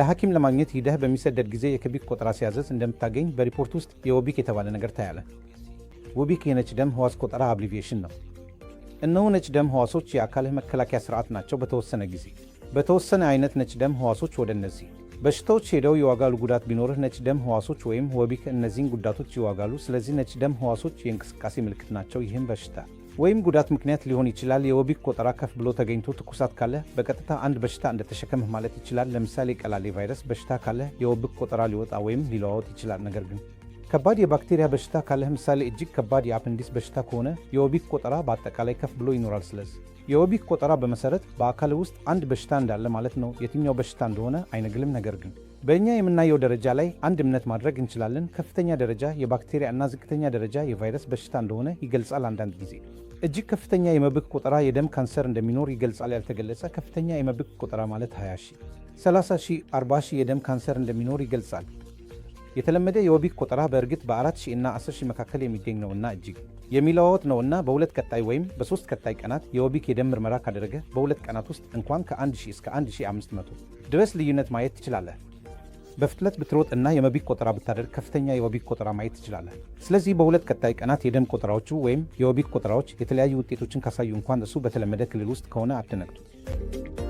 ለሐኪም ለማግኘት ሂደህ በሚሰደድ ጊዜ የክቢክ ቆጠራ ሲያዘዝ እንደምታገኝ በሪፖርት ውስጥ የወቢክ የተባለ ነገር ታያለ። ወቢክ የነጭ ደም ህዋስ ቆጠራ አብሪቪዬሽን ነው። እነሆ ነጭ ደም ህዋሶች የአካልህ መከላከያ ሥርዓት ናቸው። በተወሰነ ጊዜ በተወሰነ አይነት ነጭ ደም ህዋሶች ወደ እነዚህ በሽታዎች ሄደው የዋጋሉ ጉዳት ቢኖርህ ነጭ ደም ህዋሶች ወይም ወቢክ እነዚህን ጉዳቶች ይዋጋሉ። ስለዚህ ነጭ ደም ህዋሶች የእንቅስቃሴ ምልክት ናቸው። ይህም በሽታ ወይም ጉዳት ምክንያት ሊሆን ይችላል። የወቢክ ቆጠራ ከፍ ብሎ ተገኝቶ ትኩሳት ካለ በቀጥታ አንድ በሽታ እንደተሸከምህ ማለት ይችላል። ለምሳሌ ቀላሌ ቫይረስ በሽታ ካለ የወቢክ ቆጠራ ሊወጣ ወይም ሊለዋወጥ ይችላል። ነገር ግን ከባድ የባክቴሪያ በሽታ ካለ ምሳሌ እጅግ ከባድ የአፕንዲስ በሽታ ከሆነ የወቢክ ቆጠራ በአጠቃላይ ከፍ ብሎ ይኖራል። ስለዚህ የወቢክ ቆጠራ በመሰረት በአካል ውስጥ አንድ በሽታ እንዳለ ማለት ነው። የትኛው በሽታ እንደሆነ አይነግልም። ነገር ግን በእኛ የምናየው ደረጃ ላይ አንድ እምነት ማድረግ እንችላለን። ከፍተኛ ደረጃ የባክቴሪያ እና ዝቅተኛ ደረጃ የቫይረስ በሽታ እንደሆነ ይገልጻል። አንዳንድ ጊዜ እጅግ ከፍተኛ የመብክ ቆጠራ የደም ካንሰር እንደሚኖር ይገልጻል። ያልተገለጸ ከፍተኛ የመብክ ቆጠራ ማለት 20 ሺ፣ 30 40 የደም ካንሰር እንደሚኖር ይገልጻል። የተለመደ የወቢክ ቆጠራ በእርግጥ በአራት ሺህ እና ሺህ መካከል የሚገኝ ነውና እጅግ የሚለዋወጥ ነውና በሁለት ቀጣይ ወይም በሶስት ቀጣይ ቀናት የወቢክ የደም ምርመራ ካደረገ በሁለት ቀናት ውስጥ እንኳን ከ1000 እስከ 1500 ድረስ ልዩነት ማየት ትችላለህ። በፍጥነት ብትሮጥ እና የመቢክ ቆጠራ ብታደርግ ከፍተኛ የወቢክ ቆጠራ ማየት ትችላለህ። ስለዚህ በሁለት ቀጣይ ቀናት የደም ቆጠራዎቹ ወይም የወቢክ ቆጠራዎች የተለያዩ ውጤቶችን ካሳዩ እንኳን እሱ በተለመደ ክልል ውስጥ ከሆነ አትደነግጡ።